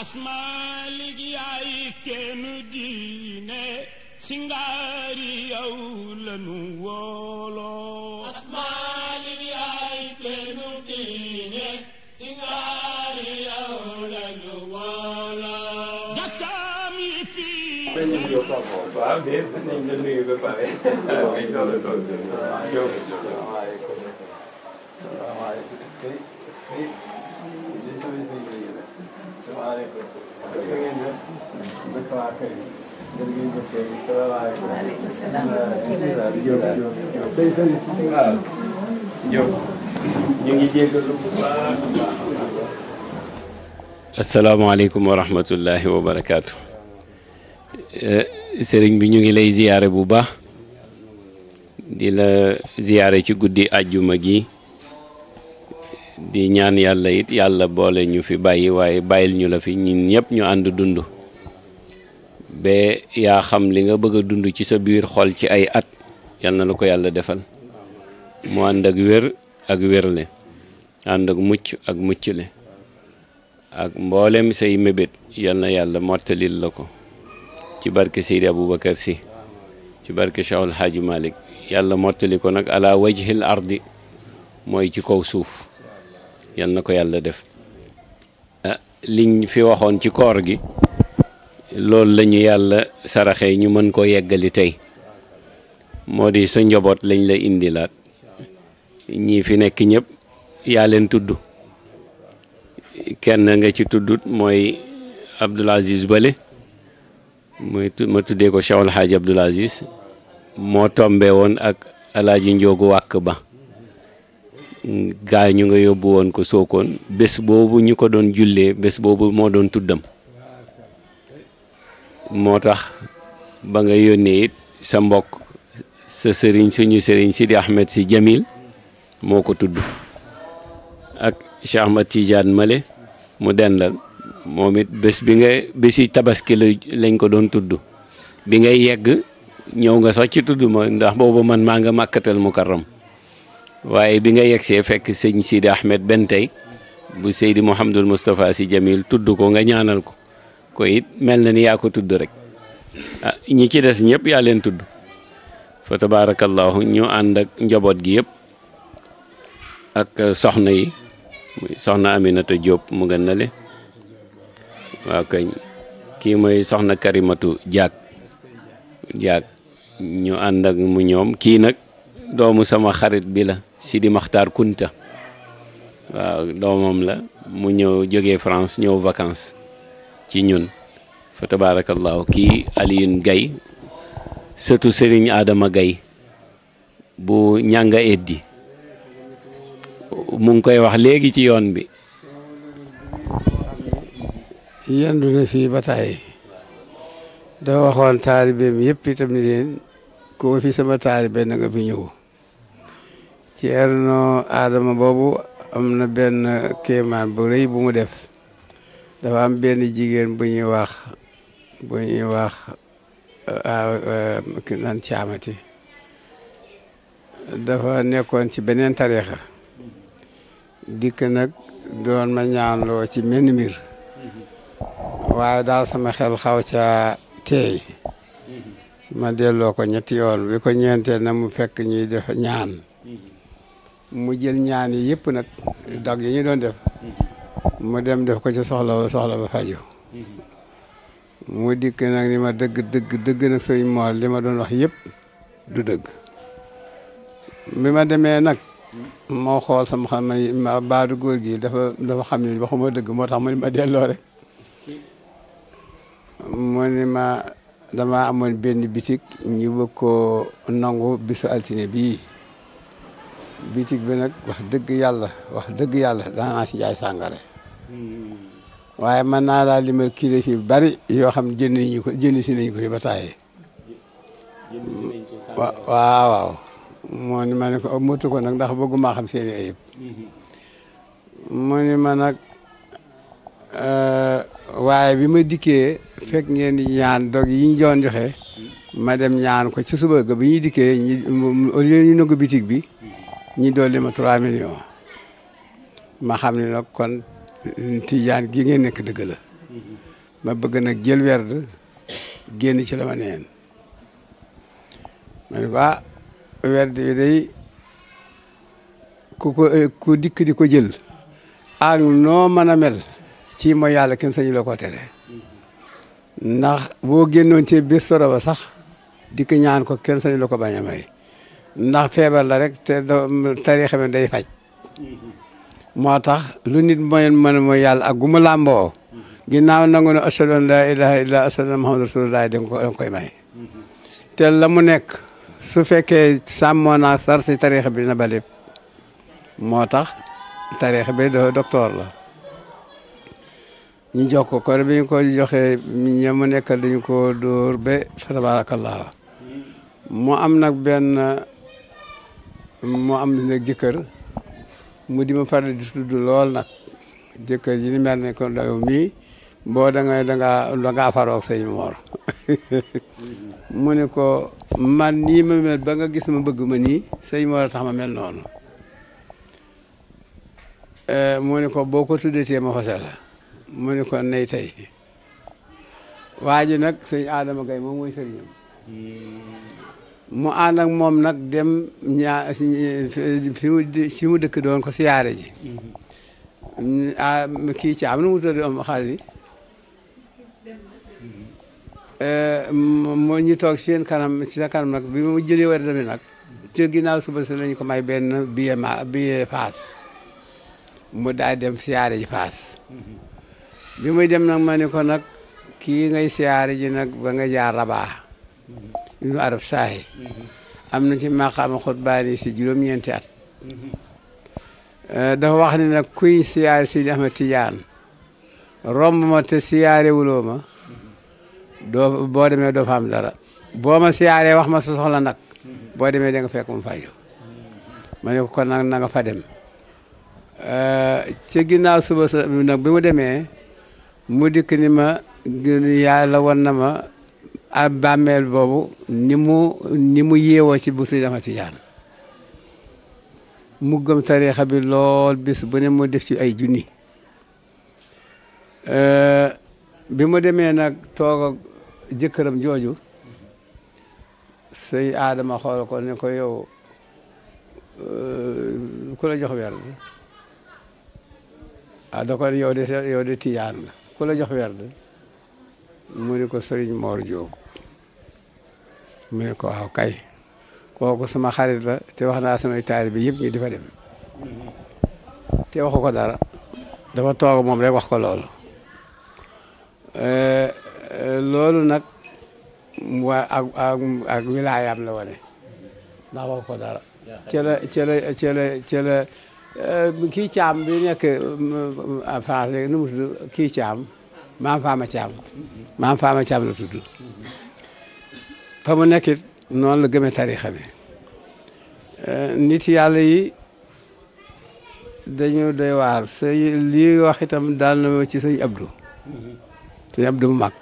asmalik yaay keenu diine singaari yow lanu wooloo asmalik yaay keenu diine singaari yow lanu wooloo jàkkaam yi fii ba ñu jóg amoon waaw de nañ la nuyu ba pare bañ doon la doon salaamaaleykum salaamaaleykum est-ce que est-ce que salaamaaleykum. su wa rahmatullahi wa barakaatu. sëriñ bi ñu ngi lay ziyaare bu baax. di la ziyaare ci guddi àjjuma gi. di ñaan yàlla yit yàlla boole ñu fi bàyyi waaye bàyyil ñu la fi ñun ñëpp ñu ànd dund ba yaa xam li nga bëgg a dund ci sa biir xol ci ay at yal na la ko yàlla defal mu ànd ak wér ak wérle ànd ak mucc ak muccle ak mboolem say mébét yal na yàlla mottalil la ko ci barke Seydi Aboubacar Sy ci barke Cheikhul Hadji Malick yàlla mottali ko nag ala wajhil ardi mooy ci kaw suuf yan na ko yàlla def ah, liñ fi waxoon ci koor gi loolu la ñu yàlla saraxee ñu mën koo yeggali tey moo di sa njaboot lañ la indilaat ñii fi nekk ñëpp yaa leen tudd kenn nga ci tuddut mooy Abdoul Aziz Bale muy ma tuddee ko Cheikh El Hadj Abdoul Aziz moo tombe woon ak alaaji njoogu wàkk ba gaa ñu nga yóbbu woon ko sookoon bés boobu ñu ko doon jullee bés boobu moo doon tuddam moo tax ba nga yónnee it sa mbokk sa sëriñ suñu sëriñ Sidi Ahmed si Jamil moo ko tudd ak Cheikh Ahmed Male mu dendal moom it bés bi nga bési tabaski la lañ ko doon tudd bi ngay yegg ñëw nga sax ci tudd ma ndax boobu man maa nga màkkatal mukarram waaye bi nga yegsee fekk sëñ Sidi Ahmed benn tey bu Seydi Mouhamadul Moustapha Sy Jamil tudd ko nga ñaanal ko ko mel na ni yaa ko tudd rek ah, ñi ci des ñëpp yaa leen tudd fa tabaarakallaahu ñu ànd ak njaboot gi yëpp ak soxna yi soxna Aminata Diop mu nga nale waaw kañ kii mooy soxna Karimatu Diak Diak ñu ànd ak mu ñoom kii nag doomu sama xarit bi la Sidi Maxtaar Kunta waaw doomam la mu ñëw jógee France ñëw vacances ci ñun fa tabaarakallaahu kii Alioune Gaye sëtu Serigne Adama Gaye bu ñànga eddi mu ngi koy wax léegi ci yoon bi yendu na fii ba tàyyi da waxoon taalibeem yëpp itam ni leen fi sama taalibe na nga fi ñëw Ceerno Adama boobu am na benn kéemaan bu rëy bu mu def dafa am benn jigéen bu ñuy wax bu ñuy wax ah, eh, nan caamati dafa nekkoon ci beneen tariixa dikk nag doon ma ñaanloo ci menn mbir waaye daal sama xel xaw ca teey mm-hmm. ma delloo ko ñetti yoon bi ko ñeenteel na mu fekk ñuy def ñaan mu jël ñaan yi yëpp nag dog yi ñu doon def mu dem def ko ci soxla ba soxla ba faju mu dikk nag ni ma dëgg dëgg dëgg nag sëriñ Mor li ma doon wax yëpp du dëgg bi ma demee nag moo xool sama xam ma baadu góor gi dafa dafa xam ne waxuma dëgg moo tax mu ni ma delloo rek mu ni ma dama amoon benn bitik ñu bëgg koo nangu bisu altine bii bitig bi nag wax dëgg yàlla wax dëgg yàlla daanaa si jaay sàngare hmm. waaye mën naa laa limal kilo fi bari yoo xam jënd ñu ko jënd si nañ ko fi ba tàyyi waaw moo ni ma ne ko nag ndax bëgguma xam seeni ayib hmm. mu ni ma nag euh, waaye bi ma dikkee fek ngeen ñaan dog yi ñu doon joxe ma dem ñaan ko ci suba ga bi ñuy dikkee ñu au lieu ñu bi ñi dolli ma 3 millions ma xam ne nag kon tijaan gi ngeen nekk dëgg la ma bëgg nag jël werd génn ci la ma neen ma ne ko ah werd bi day ku dikk di ko jël ak noo mën a mel ci mooy yàlla kenn sañu la ko tere ndax boo génnoon ci bés soro ba sax dikk ñaan ko kenn sañu la ko bañ a ndax feebar la rek te tariixa bi day faj moo tax lu nit mooy mën mooy yàlla ak gu mu làmboo ginnaaw nangu ne ashhadu an laa ilaaha illa la mu nekk su fekkee sàmmoo naa sar bi na ba moo tax tariixa bi do docteur la ñu jox ko kor bi ñu ko joxee ña mu nekk dañu ko dóor ba fa tabarakallah mu am nag benn mu am nag jëkkër mu di ma faral di tudd lool nag jëkkër ji ni mel ne kon dayo mii boo da nga faroog sëñ Moor mu ne ko man nii ma mel ba nga gis ma bëgg ma nii sëñ Moor a tax ma mel noonu eh, mu ne ko boo ko tuddatee ma fase la mu ne ko nay tey waa nag sëñ Adama Gaye moom mooy sëriñam hmm. mu ànd ak moom nag dem ñaa fi mu dëkk doon ko siyaare ji mm-hmm. ah kii caam nu mu tudd am xale yi moo ñu toog seen kanam ci sa nag bi mu jëlee war dami nag ci ginnaaw suba si lañ ko may benn billet ma faas mu daal dem siyaare ji faas mm-hmm. bi muy dem nag ma ko nag kii ngay siyaare ji nag ba nga jaar rabaa ibnu arab saahi am na ci maqaama xutbaani si juróom-ñeenti at eh, dafa wax ne nag kuy siyaare Seydi Ahmad Tijaan romb ma te siyaare wuloo ma doo boo demee doo fa am dara boo ma siyaaree wax ma su nag boo demee da nga fekk mu faju ma ne ko nanga fa dem eh, ci ginnaaw suba sa nag bi mu demee mu dikk ni ma yàlla won na ma a bàmmeel boobu ni mu ni ci bu si dama ci yaan mu gëm tariixa bi lool bis bu ne mu def ci ay junni bi mu demee nag toog ak jooju sëñ aadama xool ko ne ko yow ku jox weer bi ah da ko yow de yow de jox weer bi mu ne ko sëriñ Moor Jóob mu ne ko waaw kay kooku sama xarit la te wax naa samay taalibe yëpp ñu di fa dem te waxu ko dara dafa toog moom rek wax ko loolu loolu nag waa ak ak la wane ndax waxu ko dara ci la ci la ci la ci la kii caam bi nekk euh, France léegi nu mu tudd kii caam maam faama caam maam faama caam la tudd fa mu nekk it noonu la gëmee tariixa bi eh, nit yàlla yi dañu doy waar sa lii wax itam daal na ma ci sëñ Abdou sëñ Abdou mu mag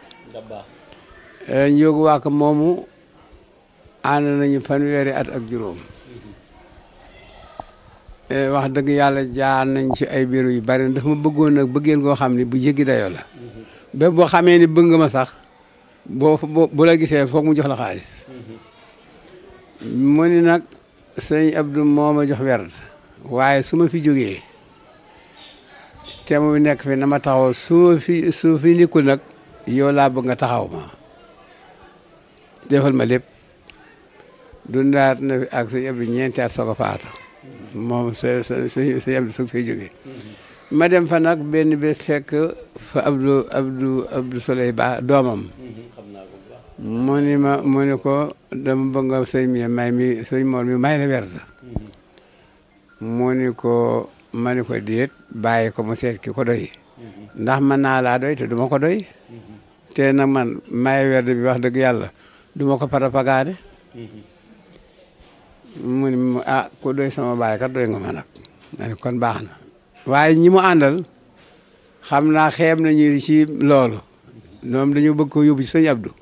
eh, njóogu waak moomu ànd nañu fanweeri at ak juróom eh, wax dëgg yàlla jaar nañ ci ay biiru yu bari ndax ma bëggoon nag bëggeen koo xam ne bu jéggi dayoo la ba boo xamee ni bëgg nga ma sax boo bu la gisee foog mu jox la xaalis mu ni nag sëñ Abdou moo ma jox werd waaye su ma fi jógee te mu nekk fi na ma taxaw su fi su nag yow laa bëgg nga taxaw ma defal ma lépp dundaat na fi ak sëñ Abdou ñeenti at soog a moom sa sa sëñ Abdou soog fi jógee ma dem fa nag benn bi fekk fa Abdou Abdou Abdou doomam mu ma mu ni ko dama bëgg nga sëñ mi may mi sëñ moor mi may la werd mu ko mani ko déet bàyyi ko mu seet ki ko doy ndax mën naa laa doy te duma ko doy te nag man may werd bi wax dëgg yàlla duma ko parapagaane mu ni mu ah ku doy sama bàyyi kat doy nga ma nag ma kon baax na waaye ñi mu àndal xam naa xeem nañu ci loolu ñoom dañu bëgg ko yóbbu ci sëñ Abdou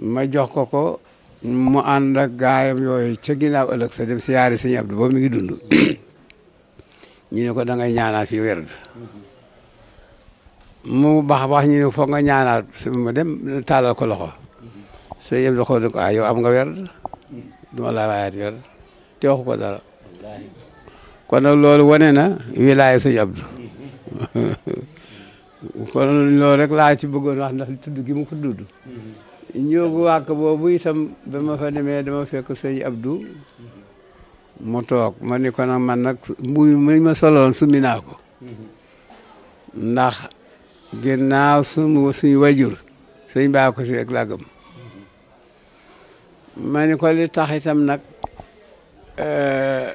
ma jox ko ko mu ànd ak gaayam yooyu ca ginnaaw ëllëg sa dem si yaari sëñ Abdou ba mu ngi dund ñu ne ko dangay ngay ñaanal fii werd mu baax a baax ñu ne foog nga ñaanal su ma dem taalal ko loxo sëñ Abdou xool ne ko ah, am nga werd duma laa waayaat werd te ko dara kon nag loolu wane na wilaayu sëñ Abdou kon loolu rek laa ci bëggoon wax ndax tudd gi mu ko tudd njóogu wàkk boobu itam ba ma fa demee dama fekk sëñ Abdou mu toog ma ni ko nag man nag mbuy mi ma soloon summi naa ko ndax ginnaaw naaw suñu wajur sëñ baa ko si ak lagam ni ko li taxitam nag eh,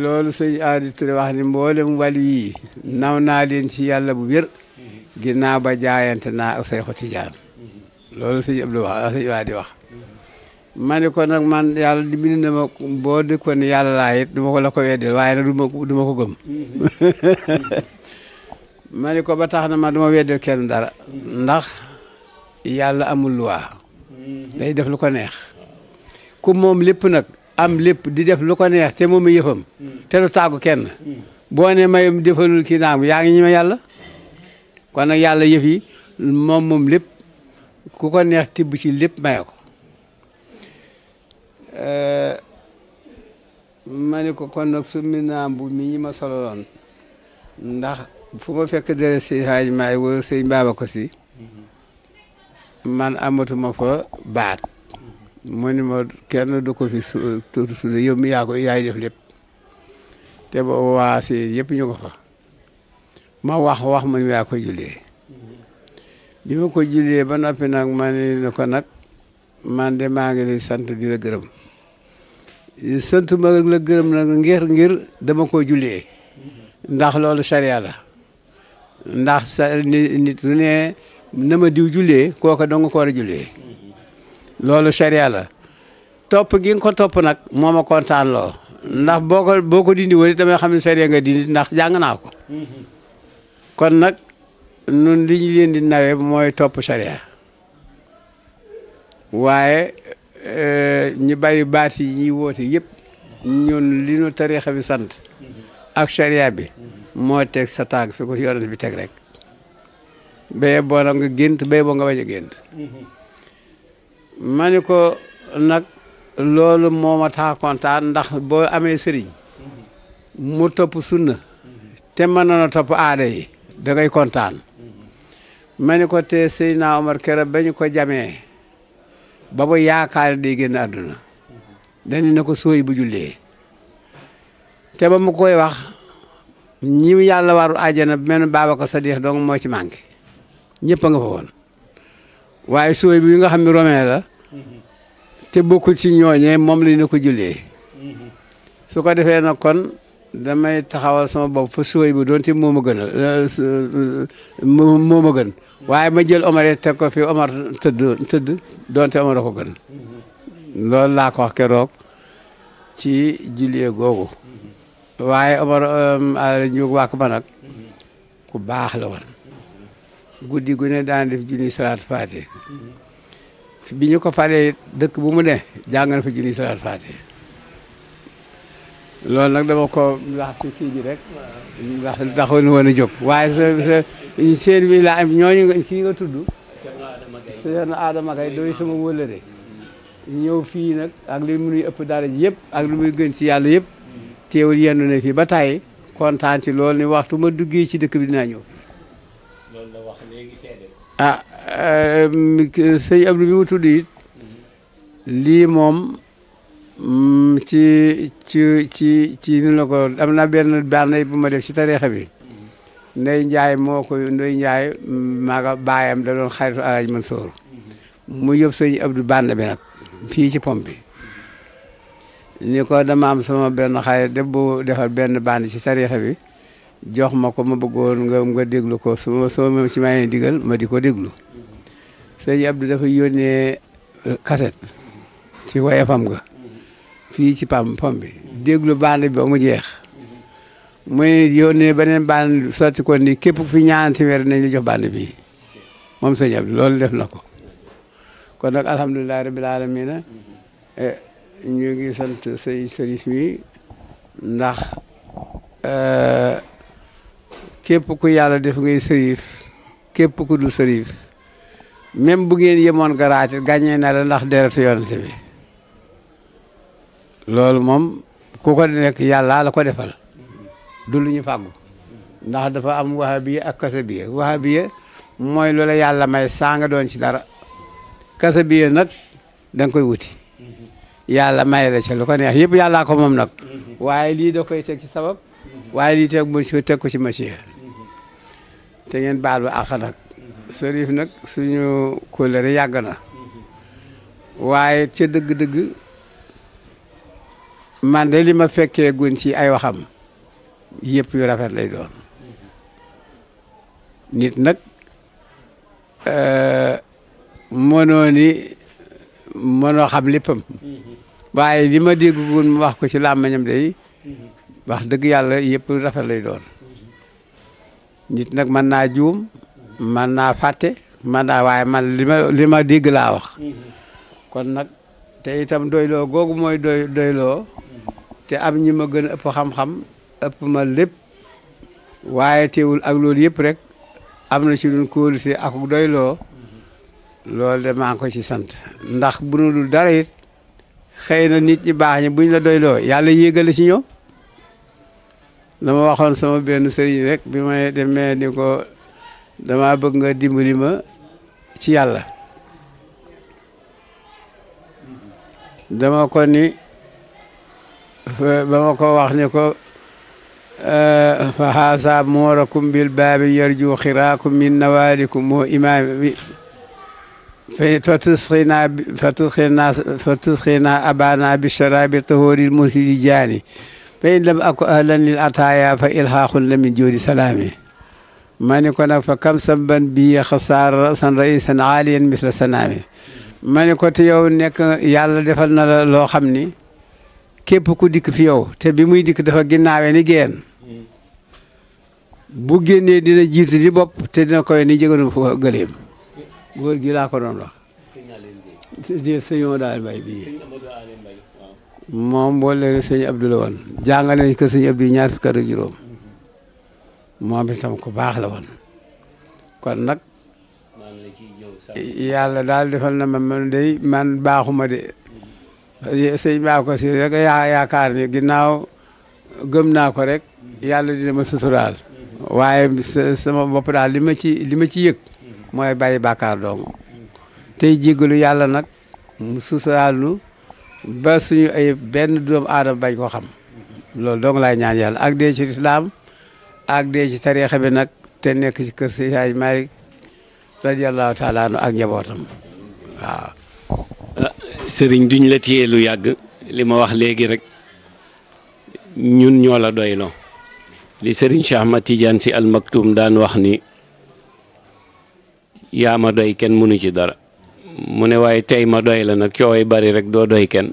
loolu sëñ aadi Touré wax ni mboolem wàllu yi naw naa leen ci yàlla bu wér ginnaaw ba jaayante naa ak Seexu loolu sëñ Abdou wax sëñ waa di wax ma ne ko nag man yàlla di bind na ma boo di ko yàlla laa duma ko la ko weddil waaye nag du ma du ma ko gëm ma ko ba tax na ma du ma weddil kenn dara ndax yàlla amul luwa day def lu ko neex ku moom lépp nag am lépp di def lu ko neex te moom yëfam te du tàggu kenn boo ne mayum defalul kii naam yaa ngi ñi ma yàlla kon nag yàlla yëf yi moom moom lépp ku ko neex tibb ci lépp maye ko eh, ma ko kon nag su mi naam bu mi ma sololoon ndax fu ma fekk dere si haaj maay wala sëñ baaba ko si man amatuma fa baat mu ni ma kenn du ko fi su tudd sude yow mi yaay def lépp te boo waa si ñu ko fa ma wax wax ma ni yaa ko jullee bi ma ko jullee ba noppi nag ma ko nag man de maa ngi lay sant di la gërëm sant ma la gërëm nag ngir ngir dama ko jullee ndax loolu sariya la ndax sa nit lu ne na ma diw jullee kooka dong ko war a jullee loolu sariya la topp gi ko topp nag moo ma kontaan loo ndax boo ko boo ko dindi woon damay xam ne sariya nga dindi ndax jàng naa ko mm-hmm. kon nag nun li ñu leen di nawe mooy topp charia waaye eh, ñu bàyyi baat yi ñuy woote yëpp ñu li ñu tariixa bi sant ak charia bi moo teg sa tànk fi ko yonent bi teg rek béye boo na nga gént béye boo nga bañ a gént ma ko nag loolu moo ma tax ndax boo amee sëriñ mu topp sunna te mën na topp aada yi da kontaan ma ni ko te Seydina Omar kera ba ñu ko jamee ba ba yaakaar day génn àdduna dañu ne ko sooy bu jullee te ba mu koy wax ñi yàlla waru àjjana ko sa Sadiq dong moo ci manqué ñëpp a nga fa woon waaye sooy bi nga xam ne romain la te bokkul ci ñooñee moom ko jullee mm-hmm. su ko defee kon damay taxawal sama bopp fa suway bu doonte moo ma gën moo gën waaye ma jël Omar teg ko fi Omar tëdd tëdd doonte Omar a ko gën loolu laa ko wax keroog ci julie googu waaye Omar ñu wàkk ma nag ku baax la woon guddi gu ne daan def julli salaat faati bi ñu ko falee dëkk bu mu ne jàng na fa julli salaat loolu nag dama ko lax ci kii ji rek ndax taxul woon a jóg waaye sa seen bi la am ñooñu kii nga tudd seen aadama kay doy sama wëlëre ñëw fii nag ak li muy ëpp dara ji ak lu muy gën ci yàlla yëpp teewul yendu ne fii ba tàyyi kontaan ci loolu ni waxtu ma duggee ci dëkk bi dinaa ñëw loolu la wax léegi ah, euh, mu tudd lii moom Mm, ci ci ci ci nu la ko am na benn baax nay bu ma def ci tariixa bi Ndey Njaay moo ko Ndey Njaay maaga baayam da doon xaritu Alaaji Mansour mu yóbbu sëñ Abdou Banda bi nag fii ci pom bi ni ko dama am sama benn xarit def bu defal benn band ci tariixa bi jox ma ko ma bëggoon nga nga déglu ko su ma soo ma ci digal ma di ko déglu sëñ Abdou dafa yónnee eh, cassette ci Way FM ga fii ci pam pom bi déglu bande bi ba mu jeex muy yónnee beneen bande sotti ko ni képp ku fi ñaanati weer nañ la jox bande bi moom sëñ Abdou loolu def na ko kon nag alhamdulilah rabil alamina eh, ñu ngi sant sëñ Serif mi ndax eh, képp ku yàlla def ngay Serif képp ku du Serif même bu ngeen yemoon garaati gàññee na la ndax deretu yonante bi loolu moom ku ko nekk yàlla la ko defal du lu ñu fàggu ndax dafa am wahabiya ak kasabiya wahabiya mooy lu yàlla may saanga doon ci dara kasabiya nag dang koy wuti yàlla may la ca lu ko neex yëpp yàllaa ko moom nag waaye lii da koy teg ci sabab waaye lii teg mu teg ko ci machine te ngeen baal ba àq nag Cherif nag suñu kóllëre yàgg na waaye ca dëgg-dëgg man de li ma fekkee gun ci ay waxam yëpp yu rafet lay doon nit nag euh, mënoo ni mënoo xam léppam waaye li ma dégg gun wax ko ci làmmañam day wax dëgg yàlla yëpp rafet lay doon nit nag mën naa juum mën naa fàtte mën naa waaye man li ma li ma dégg laa wax mm-hmm. kon nag te itam doyloo googu mooy doy doyloo te am ñi ma gën a ëpp xam-xam ëpp ma lépp waaye teewul ak loolu yëpp rek am na ci luñ kóolu si ak doyloo lool de maa ngi ko ci sant ndax bu nu dul dara it xëy na nit ñi baax ñi buñ la doyloo yàlla yéegale ci ñëw dama waxoon sama benn sëriñ rek bi may demee ni ko dama bëgg nga dimbali ma ci yàlla dama ko ba ma ko wax ne ko eh, fa haasa moorakum bil baabi yarju xiraakum min nawaalikum moo imaam fa tusxina fa tusxina fa tusxina abana bi sharaabi tahooril munhili jaani fa in lam aku ahlan lil ataaya fa ilhaaqun la min joodi salaami ma ni ko nag fa kam samban bi xasaar san raisan aaliyan misla sanaami ma ni ko te yow nekk yàlla defal na la loo xam ni képp ku dikk fi yow te bi muy dikk dafa ginnaawee ni geen bu génnee dina jiit di bopp te dina koy ni jeganu fa gëleem góor gi doon wax sëñoo daal bay bi moom boo leen sëñ Abdou la woon jàngale nañ ko sëñ Abdou ñaar fukki at juróom moom itam ku baax la woon kon nag yàlla daal defal na ma man day man baaxuma de sëñ Babacar Sy rek yaa yaakaar ni ginnaaw gëm naa ko rek yàlla dina ma suturaal waaye sama bopp daal li ma ci li ma ci yëg mooy bàyyi bàkkaar dong tey jéggalu yàlla nag mu suturaal nu ba suñu ay benn doomu aadama bañ ko xam loolu dong laay ñaan yàlla ak dee ci lislaam ak dee ci tariixa bi nag te nekk ci kër si Hadji Malick radiyallahu taala ak njabootam waaw sëriñ duñ la téye lu yàgg li ma wax léegi rek ñun ñoo la doyloo li sëriñ Cheikh ma Tidiane si almaktum daan wax ni yaa ma doy kenn mënu ci dara mu ne waaye tey ma doy la nag cooway bari rek doo doy kenn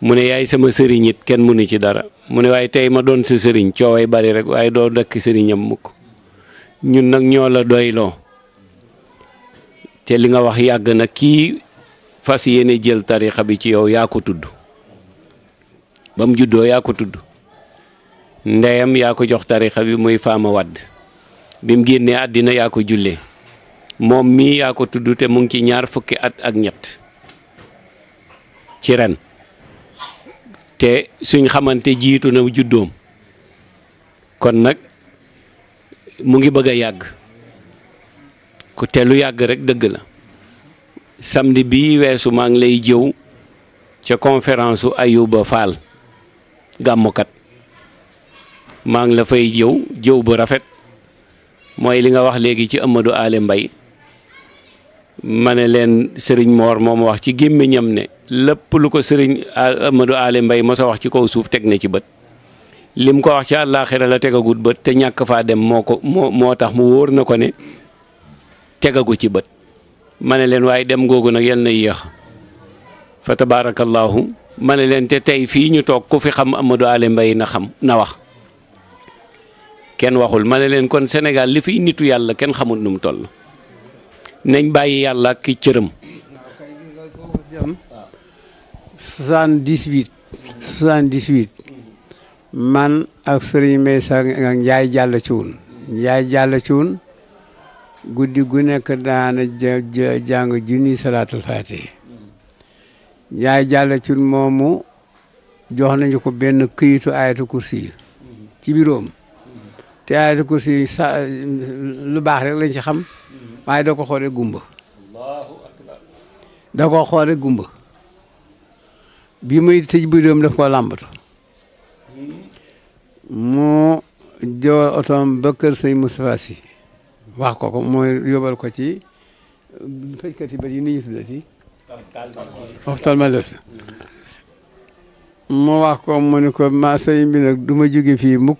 mu ne yaay sama sëriñ kenn mënu ci dara mu ne waaye tey ma doon sa sëriñ cooway bari rek waaye doo dëkk sëriñam mukk ñun nag ñoo la doyloo te li nga wax yàgg na kii fas yéene jël tarixa bi ci yow yaa ko tudd ba mu juddoo yaa ko tudd ndeyam yaa ko jox tarixa bi muy faama wadd bi mu génnee àddina yaa ko jullee moom mii yaa ko tudd te mu ngi ci ñaar fukki at ak ñett ci ren te suñ xamante jiitu na juddoom kon nag mu ngi bëgg a yàgg ku te lu yàgg rek dëgg la samedi bii weesu maa lay jëw ca conférence u Ayuba Fall gàmmukat maa ngi la fay jëw jëw bu rafet mooy li nga wax léegi ci Amadou Ale mbay ma ne leen Serigne Mor moom wax ci gémmiñam ne lépp lu ko sëriñ Amadou Ale Mbaye mos a wax ci kaw suuf teg na ci bët lim ko wax ci àllaaxira la tegagut bët te ñàkk faa dem moo ko moo moo tax mu wóor na ko ne tegagu ci bët ma ne leen waaye dem googu nag yenn na yéex fa tabaarakallaahu ma ne te tey fii ñu toog ku fi xam Amadou Ale Mbaye na xam na wax kenn waxul ma ne leen kon Sénégal li fiy nitu yàlla kenn xamul nu mu toll nañ bàyyi yàlla ak ki cëram. 78 78 man ak Serigne Mbaye Sakho ak Ndiaye Diallo Thioune Ndiaye Diallo guddi gu nekk daana jàng junni salaatul faatihi yaay jàll ci moomu jox nañu ko benn këyitu ayatu kursi ci biroom te ayatu kursi lu baax rek lañ ci xam waaye da ko xoole gumba dako ko xoole gumba bi muy tëj biroom daf ko làmbatu hmm? mu jëwal otoom ba kër sëñ Moustapha wax ko ko mooy yóbbal ko ci fajkat yi ba yi ni ñu tuddati hôpital Matlaboul moo wax ko mu ne ko ma sëñ bi nag du ma jóge fii mukk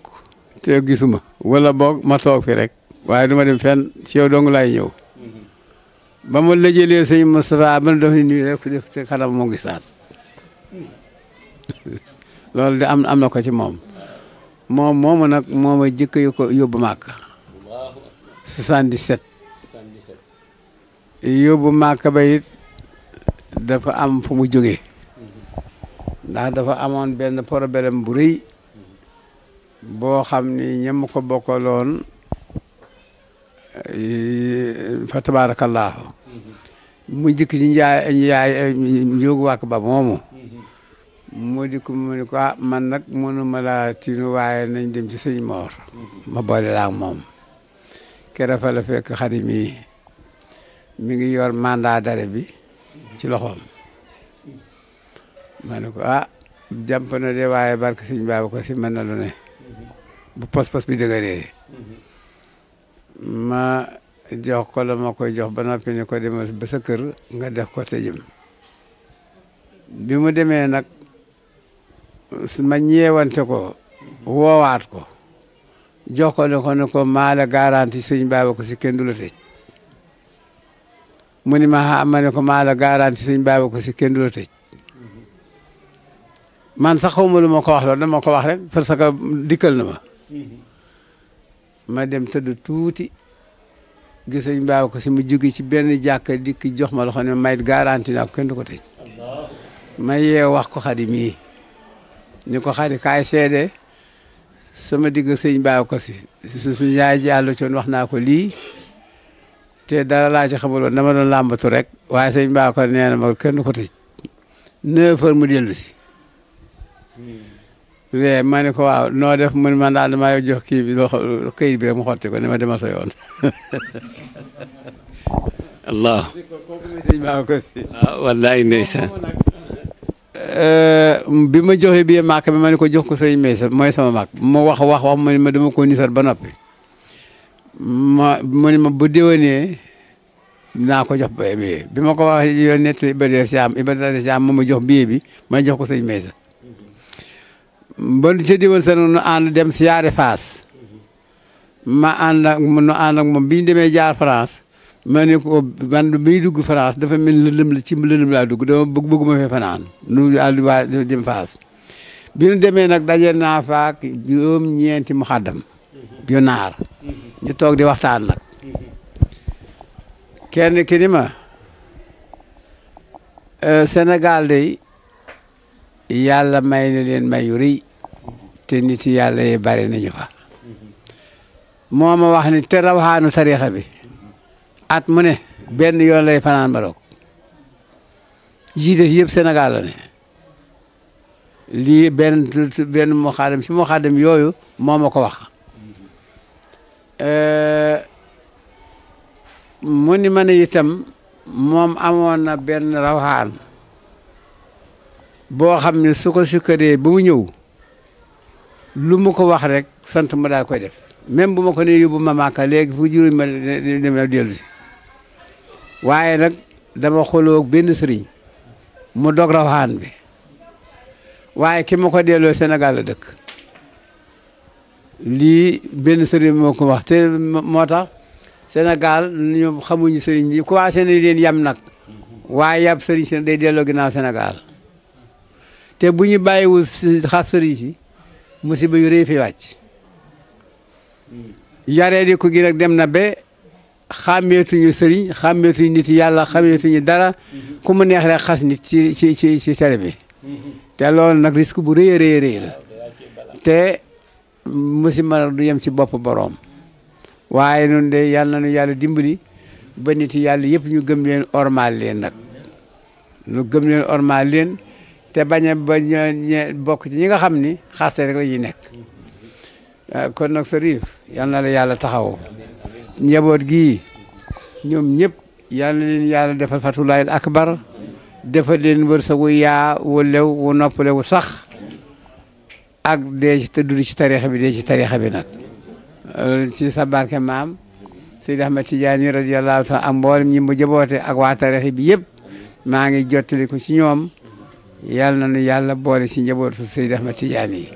te gisuma wala boog ma toog fi rek waaye du ma dem fenn ci yow ba ma lëjëlee sëñ Moustapha ba def ni nii rek def te kanam moo gisaat loolu de am am na ko ci moom moom moomu nag mooma jëkk yu ko 77. 77. yóbbu Màkka ba it dafa am fu mu jóge ndax dafa amoon benn problème bu rëy. boo xam ni ñem ko bokkaloon eh, fa tabaarakallaahu mm-hmm. mu njëkk ci njaay njaay njóogu wàkk ba moomu mm-hmm. mu di ko mu ah, ci sëñ moor mm-hmm. ma boole moom kere fa fekk xadim mi ngi yor mandat d'arrêt bi ci loxoom ma ne ko ah jàmp na de waaye barke sëñ ko si mën na lu ne bu pos-pos bi dëgëree ma jox ko la koy jox ba noppi ni ko demal ba sa nga def ko tëjëm bi mu demee nag ma ñeewante ko woowaat ko jox ko ne ko ne ko maa la garanti sëñ Babacar Si kenn du la mu ni ma ma ne ko maa la garanti sëñ Babacar Si kenn du la tëj man sax xawma ko wax loolu dama ko wax rek parce que dikkal na ma ma dem tëdd tuuti gis sëñ ko Si mu jóge ci benn jàkka dikk jox ma loxo ne ma mayit garanti naa ko kenn du ko tëj ma yee wax ko xadi mii ni ko xadi kaay seede sama digg sëñ baaw ko si suñu yaay ji àll coon wax naa ko lii te dara laa ci xamaloon dama doon làmbatu rek waaye sëñ baaw ko nee na ma kenn ko tëj neuf mu dellu si wee ma ne ko waaw noo def mu ne man daal damaa jox kii bi rek mu xotti ko ne ma dema sa yoon allah waaw ah, wallaay ndeysaan bi ma joxe bi màkk bi ma ne ko jox ko sëriñ Maysa mooy sama ma wax wax wax ma ma dama ko nisar ba noppi ma ma ne ma bu déwénee naa ko jox ba bi ma ko wax yoon nettali Ibadan Siam ma ma jox billet bi ma jox ko sëriñ Maysa ba ca déwén sa nu ànd dem siyaare Faas ma ànd nu ànd moom bi demee jaar France ma ne ko man miy dugg France dafa mel lëndëm la ci lëndëm laa dugg dama bëgg bëgguma fee fanaan nu àll waa jëm faas bi ñu demee nag daje naa faak juróom-ñeenti mu xaddam yu naar ñu toog di waxtaan nag kenn ki ni ma euh, Sénégal day yàlla may na leen mayu rëy te nit yàlla yi bari nañu fa moo ma wax ni te rawaxaanu tariixa bi at mu benn yoon lay fanaan Maroc ji des yëpp Sénégal la ne lii benn benn moo si moo xaadam yooyu moo ma ko wax eh, mu ni ma moom amoon na benn rawaxaan boo xam ne su ko sukkaree ba mu ñëw lu mu ko wax rek sant ma daal koy def même bu ma ko ne yóbbu ma màkka léegi fu juróomi ma dem na dellu si waaye nag dama xuloo benn sëriñ mu dog rawaan bi waaye ki ma ko delloo Sénégal la dëkk lii benn sëriñ moo ko wax te moo tax Sénégal ñoom xamuñu sëriñ yi commencé nañ leen yam nag waaye yab sëriñ delloo ginnaaw senegaal te bu ñu bàyyiwu xas sëriñ si musiba yu rëy fi wàcc mm. yaree di ko gi nag dem na ba xàmmeetuñu sëriñ xàmmeetuñu nit yàlla ñu dara mhm. ku mu neex rek xas nit ci ci ci ci tere bi mhm. te loolu nag risque bu rëy a rëy rëy la te musiba du yem ci bopp boroom waaye nun de yàlla nañu yàlla dimbali ba nit yàlla yëpp ñu gëm leen ormal leen nag ñu gëm leen ormal leen te bañ a ba ñe bokk ci ñi nga xam ni xaste rek la nekk mhm. kon nag sa riif yal na la yàlla taxawoo njaboot gi ñoom ñëpp yal na leen yàlla defal fatulaayil akbar defal leen wërsëgu yaa wu lew wu noppale wu sax ak dee ci tëdd ci tariixa bi dee ci tariixa bi nag ci sa barke maam Seydi Ahmad Tijaani radiyallaahu taala am mboolem ñi mu jaboote ak waa tariixa bi yëpp maa ngi jottali ko ci ñoom yal na nu yàlla boole ci njabootu Seydi Ahmad Tijaani yi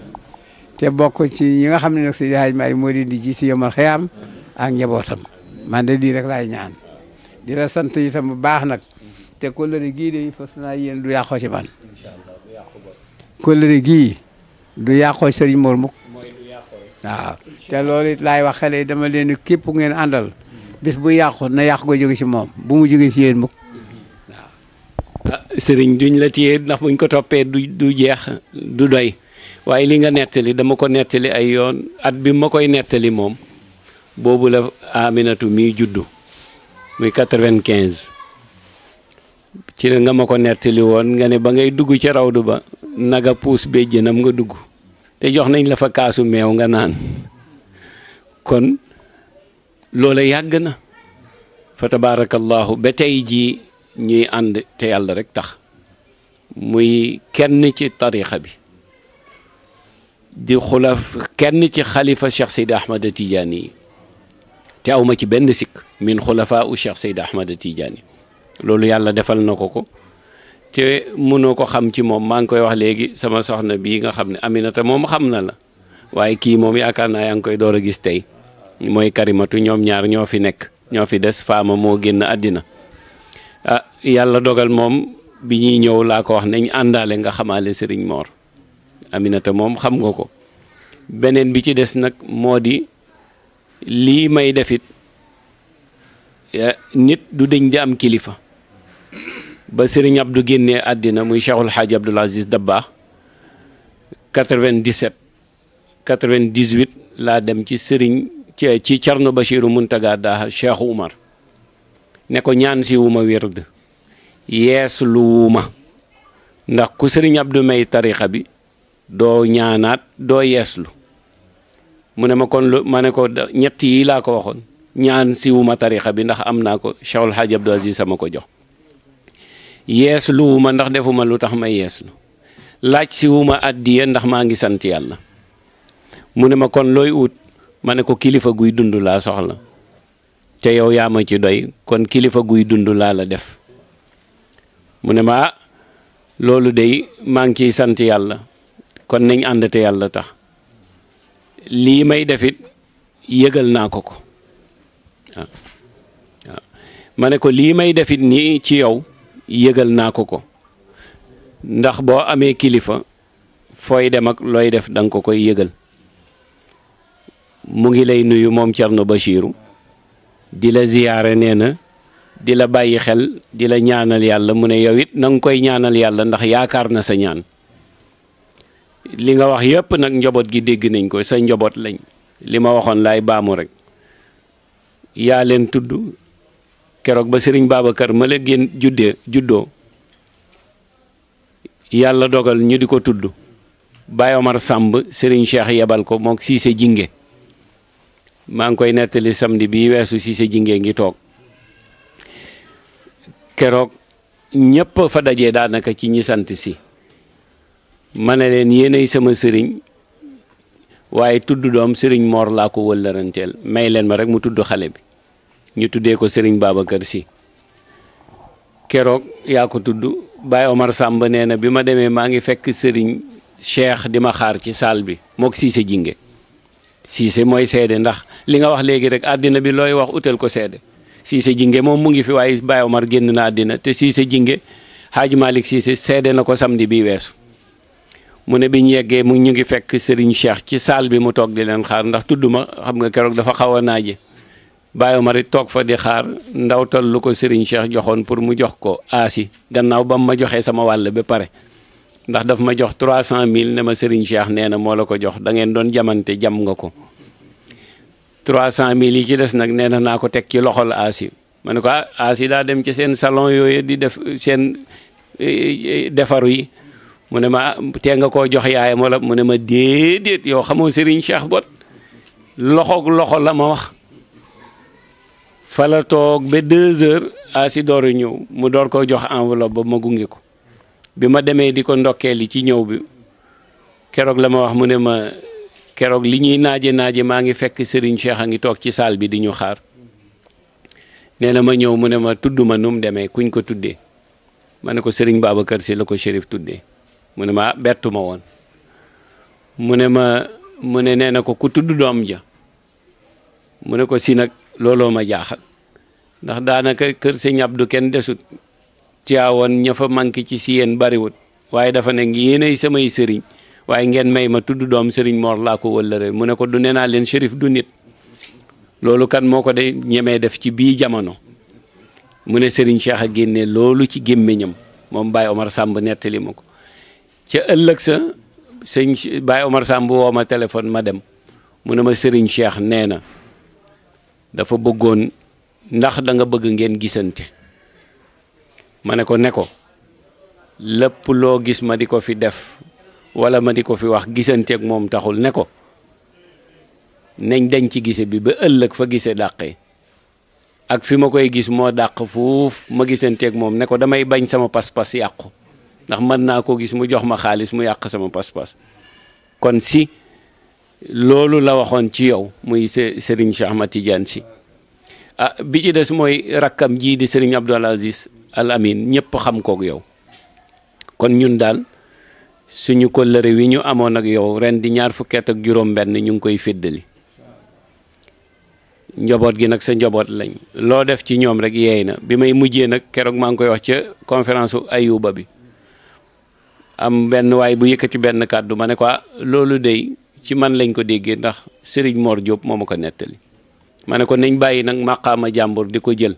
te bokk ci ñi nga xam ne nag Seydi Hajji Maalik moo di di jiite yomal xiyaam ak njabootam man de di rek laay ñaan di la sant itam bu baax nag te kóllëre gii de fas naa yéen du yàqoo ci man kóllëre gii du yàqoo ci sëriñ Mor mukk waaw te loolu it laay wax xele yi dama leen képp ngeen àndal bis bu yàqu na yàq ko jóge ci moom bu mu jóge ci yéen mukk ah, sëriñ duñ la téye ndax buñ ko toppee du du jeex du doy waaye li nga nettali dama ko nettali ay yoon at bi ma koy nettali moom. boobu la Aminatu mii juddu muy quatre-vingt-quinze ci la nga ma ko nettali woon nga ne ba ngay dugg ca rawdu ba naga puus béjjënam nga dugg te jox nañ la fa kaasu meew nga naan kon loola yàgg na fa tabaarakallaahu ba tey jii ñuy ànd te yàlla rekk tax muy kenn ci tarixa bi di xulaf kenn ci xalifa Cheikh Sidi Ahmad Tijaani yi te aw ma ci benn sikk min xulafaa u Cheikh Seydi Ahmad Tidiane loolu yàlla defal na ko ko te mënoo ko xam ci moom maa ngi koy wax léegi sama soxna bii nga xam ne Aminata moom xam na la waaye kii moom yaakaar naa yaa ngi koy door a gis tey ñoom ñaar ñoo fi nekk ñoo fi des faama moo génn àddina ah yàlla dogal moom bi ñuy ñëw laa ko wax nañ àndaale nga xamaale Serigne Mor Aminata moom xam nga ko beneen bi ci des nag moo di lii may defit nit du deñ di am kilifa ba sëriñ du génnee àddina muy Cheikhul Hadji Abdoul Aziz Dabakh 97 98 laa dem ci sëriñ ci Thierno Bachirou Mountaga Daha Cheikh Oumar ne ko ñaan si wuma wérd yees ndax ku sëriñ Abdou may tarixa bi doo ñaanaat doo yeeslu mu ne ma kon lu ma ne ko ñett yii laa ko waxoon ñaan siwuma tarixa bi ndax am naa ko Cheikh El Hadj Abdou Aziz sama ko jox yees luwuma ndax defuma lu tax ma yeeslu laaj siwuma addiya ndax maa ngi sant yàlla mu ne ma kon looy ut ma ne ko kilifa guy dund laa soxla te yow yaa ma ci doy kon kilifa guy dund laa la def mu ne ma ah, loolu de maa ngi ciy sant yàlla kon nañ ànd te yàlla tax lii may defit yëgal naa ko ko waaw ma ne ko lii may defit nii ci yow yëgal naa ko ko ndax boo amee kilifa fooy dem ak looy def danga ko koy yëgal mu ngi lay nuyu moom Thierno Bachirou di la ziyaare nee na di la bàyyi xel di la ñaanal yàlla mu ne yow it nanga koy ñaanal yàlla ndax yaakaar na sa ñaan li nga wax yépp nag njaboot gi dégg nañ ko sa njaboot lañ li ma waxoon laay baamu rek yaa leen tudd keroog ba sëriñ Babacar ma la génn juddee juddoo yàlla dogal ñu di ko tudd Baye Omar sàmb sëriñ Cheikh yebal ko mook siise Jinge maa ngi koy nettali samedi bi weesu siise Jinge ngi toog keroog ñëpp fa dajee daanaka ci ñi sant si ma ne leen yéenay sama sëriñ waaye tudd doom sëriñ moor laa ko wëllëranteel may leen ma rek mu tudd xale bi ñu tuddee ko sëriñ Babacar si keroog yaa ko tudd Baye Omar sàmb nee na bi ma demee maa ngi fekk sëriñ Cheikh di ma xaar ci saal bi mook Cissé Jinge Cissé mooy seede ndax li nga wax léegi rek àddina bi looy wax utal ko seede Cissé Jinge moom mu ngi fi waaye Baye Omar génn na àddina te Cissé Jinge Hadj Malick Cissé seede na ko samdi bi weesu mu ne bi ñu yeggee mu ñu ngi fekk Serigne Cheikh ci saal bi mu toog di leen xaar ndax tudd ma xam nga keroog dafa xaw a naaje Baye Omar toog fa di xaar ndawtal lu ko Serigne Cheikh joxoon pour mu jox ko aasi gannaaw ba mu ma joxee sama wàll ba pare ndax daf ma jox trois cent mille ne ma Serigne Cheikh nee na moo la ko jox da ngeen doon jamante jam nga ko trois cent mille yi ci des nag nee na naa ko teg ci loxol aasi ma ne ko ah, aasi daa dem ci seen salon yooyu di def seen eh, eh, defaru yi mu ne ma tee nga koo jox yaayam wala mu ne ma déedéet yow xamoo Serigne Cheikh Bot loxoog loxo la ma wax fala toog ba deux heures si door a ñëw mu door koo jox enveloppe ba ma gunge ko bi ma demee di ko ndokkee li ci ñëw bi keroog la ma wax mu ne ma keroog li ñuy naaje naaje maa ngi fekk Serigne Cheikh a ngi toog ci saal bi di ñu xaar nee na ma ñëw mu ne ma tudd ma nu mu demee kuñ ko tuddee ma ne ko sëriñ Serigne Babacar Sy la ko Chérif tuddee. mu ne ma ah, bettu woon mu ne ma mu ne nee na ko ku tudd doom ja mu ne ko si nag looloo ma jaaxal ndax daanaka kër sëñ du kenn desut ciyaawoon ña fa manqué ci si yéen bariwut waaye dafa ne yéenay samay sëriñ waaye ngeen may ma tudd doom sëriñ Mor laa ko wëllëre mu ne ko du nee naa leen shérif du nit loolu kan moo ko de ñemee def ci bii jamono mu ne sëriñ Cheikh a génne loolu ci gémmiñam moom Baye Omar Samb nettali ma ko ca ëllëg sa sëñ Baye Omar Samb woo ma téléphone ma dem mu ne ma sëriñ Cheikh nee na dafa bëggoon ndax danga bëgg ngeen gisante ma ne ko ne ko lépp loo gis ma di ko fi def wala ma di ko fi wax gisanteek moom taxul ne ko nañ dañ ci gise bi ba ëllëg fa gise dàqee ak fi ma koy gis moo dàq fuuf ma gisanteeg moom ne ko damay bañ sama pas-pas yàqu ndax mën naa ko gis mu jox ma xaalis mu yàq sama pas-pas kon si loolu la waxoon ci yow muy Serigne Cheikh Ahmad Tidiane si ah bi ci des mooy rakkam jii di Serigne Abdoul Aziz Al Amin ñëpp xam kook yow kon ñun daal suñu ko lëre wi ñu amoon ak yow ren di ñaar fukkeet ak juróom-benn ñu ngi koy féddali njaboot gi nag sa njaboot lañ loo def ci ñoom rek yeey na bi may mujjee nag keroog maa ngi koy wax ca conférence u Ayuba bi. am benn waay bu yëkkati benn kàddu ma ne ko ah, loolu de ci man lañ ko déggee ndax sëriñ moor Diop moo ma ko nettali ma ne ko nañ bàyyi nag maqaama jàmbur di ko jël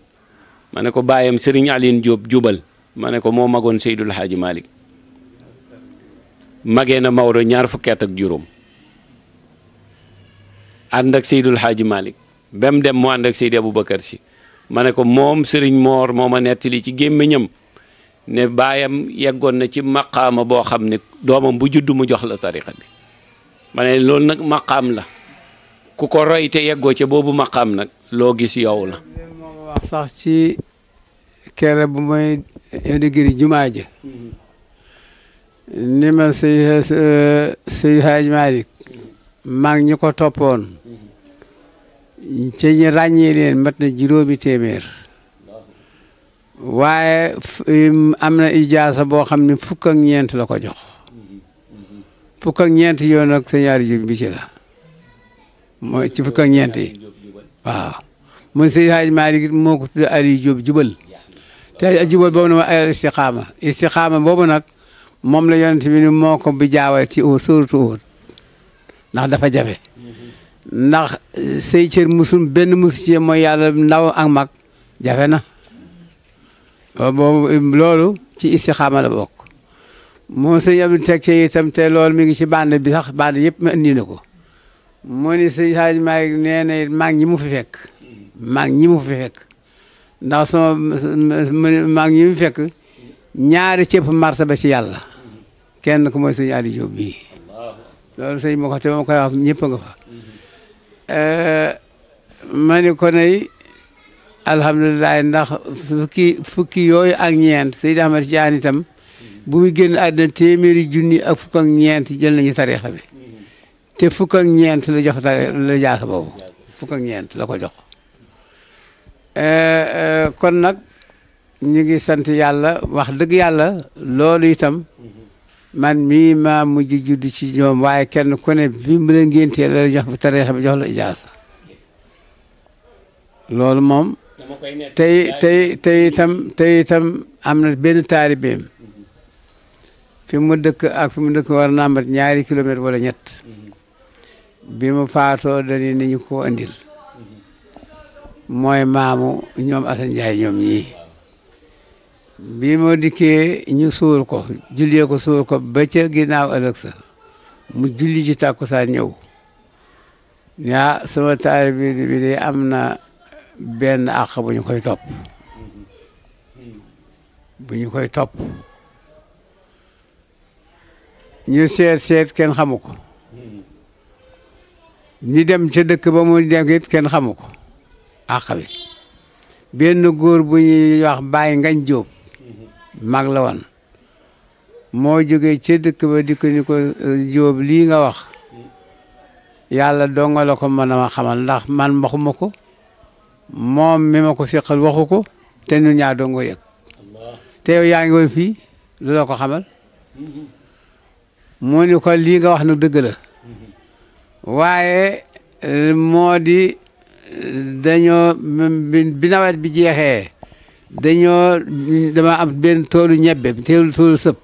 ma ne ko bàyyam Serigne Aline Diop jubal ma ne ko moo magoon Seydul Haaji Malick magee na Maodo ñaar fukki ak juróom ànd ak Seydul Haaji Malick ba dem mu ànd ak Seydi Aboubacar si ma ne ko moom Serigne moor moo ma nettali ci gémmiñam ne baayam yeggoon na ci maqaama boo xam ne doomam bu judd mu jox la tariqa bi ma ne loolu nag maqaam la ku ko roy te yeggoo ca boobu maqaam nag loo gis yow la. sax ci kere bu ni ma sëy sëy Haaj Malick mag ñi ko toppoon ci ñi ràññee leen mat na juróomi téeméer. waaye am na ijaasa boo xam ne fukk ñeent la ko jox fukk ñeent yoon ak sa bi ci la mooy ci fukk ñeent yi waaw mun si Haaj Maalik moo ko tudd Aliou jubal te jubal boobu nag moom la yonent bi ni moo ko bi jaawee ci óor sóoratu óor ndax dafa jafe ndax eh, say cër musul benn musu ci mooy yàlla ndaw ak mag jafe na Euh, boobu euh, loolu ci istixaama bokk moo sëñ bu teg ci itam te loolu mi ngi ci bande bi sax bande yëpp ma indi ko moo ni sëñ Xaaj Maalik maag ñi mu fi fekk maag ñi mu fi fekk ndax sama maag ñi mu fekk ñaari cëpp marsa ba ci yàlla kenn ku mooy sëñ Aliou Diop bii loolu sëñ ma ko te ma koy wax ñëpp nga fa euh, ma ko nay alhamdulilah ndax fukki fukki yooyu ak ñeent Seydi Ahmad Tijaan itam bu muy génn àddina téeméeri junni ak fukk ak ñeent jël nañu tariixa bi te fukk ñeent la jox tari la jaaka boobu fukk ñeent la ko jox eh, eh, kon nag ñu ngi sant yàlla wax dëgg yàlla loolu itam man mii mu mujj judd ci ñoom waaye kenn ku ne bi mu ngéntee la jox tariixa bi jox la ijaasa loolu moom tey tey tey itam tey itam am na benn taalibeem fi mu dëkk ak fi mu dëkk war naa mat ñaari kilomètre wala ñett bi mu faatoo dañu ni ñu ko andil mooy maamu ñoom Assane Ndiaye ñoom ñii bi mu dikkee ñu suur ko jullee ko suur ko ba ca ginnaaw ëllëg sa mu julli ci tàkkusaan ñëw ñaa ah, sama taalibe bi de am na benn àq bu ñu koy topp bu ñu koy topp ñu seet seet kenn xamu ko ñu dem ca dëkk ba mu dem kenn xamu ko àq bi benn góor bu ñuy wax Baye Ngañ Jóob mag la wan moo jógee ca dëkk ba di ko ni ko Jóob euh, lii nga wax yàlla donga la ko mën a ma xamal ndax man waxuma ko moom mi ma ko seqal waxu ko te ñun ñaar doo nga yëg te yow yaa ngi woon fii lu la ko xamal mu ni ko lii nga wax nag dëgg la waaye moo di dañoo bi nawet bi jeexee dañoo dama am benn toolu ñebbe teelu toolu sëb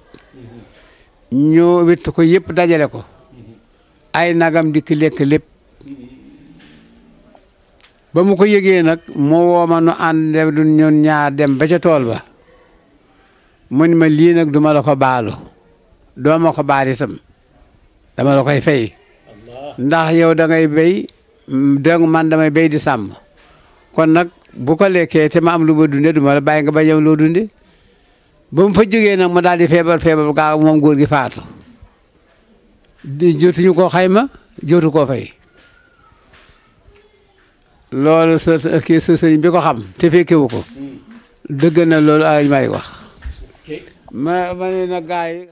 ñu witt ko yépp dajale ko ay nagam dikk lekk lépp ba mu ko yëgee nag moo woo ma nu ànd du ñun ñaar dem ba ca tool ba mu ne ma lii nag duma la ko baalu doo ma ko baal itam dama la koy fay ndax yow dangay ngay béy man damay béy di sàmm kon nag bu ko lekkee te ma am lu ma dunde du ma la bàyyi nga ba yow loo dunde ba mu fa jógee nag mu daal di feebar feebar gaaw moom góor gi faatu di jotuñu koo xayma jotu koo fay loolu sa kii sa sëriñ bi ko xam te fekkewu ko hmm. dëgg na loolu ay may wax ma ma ne na gaay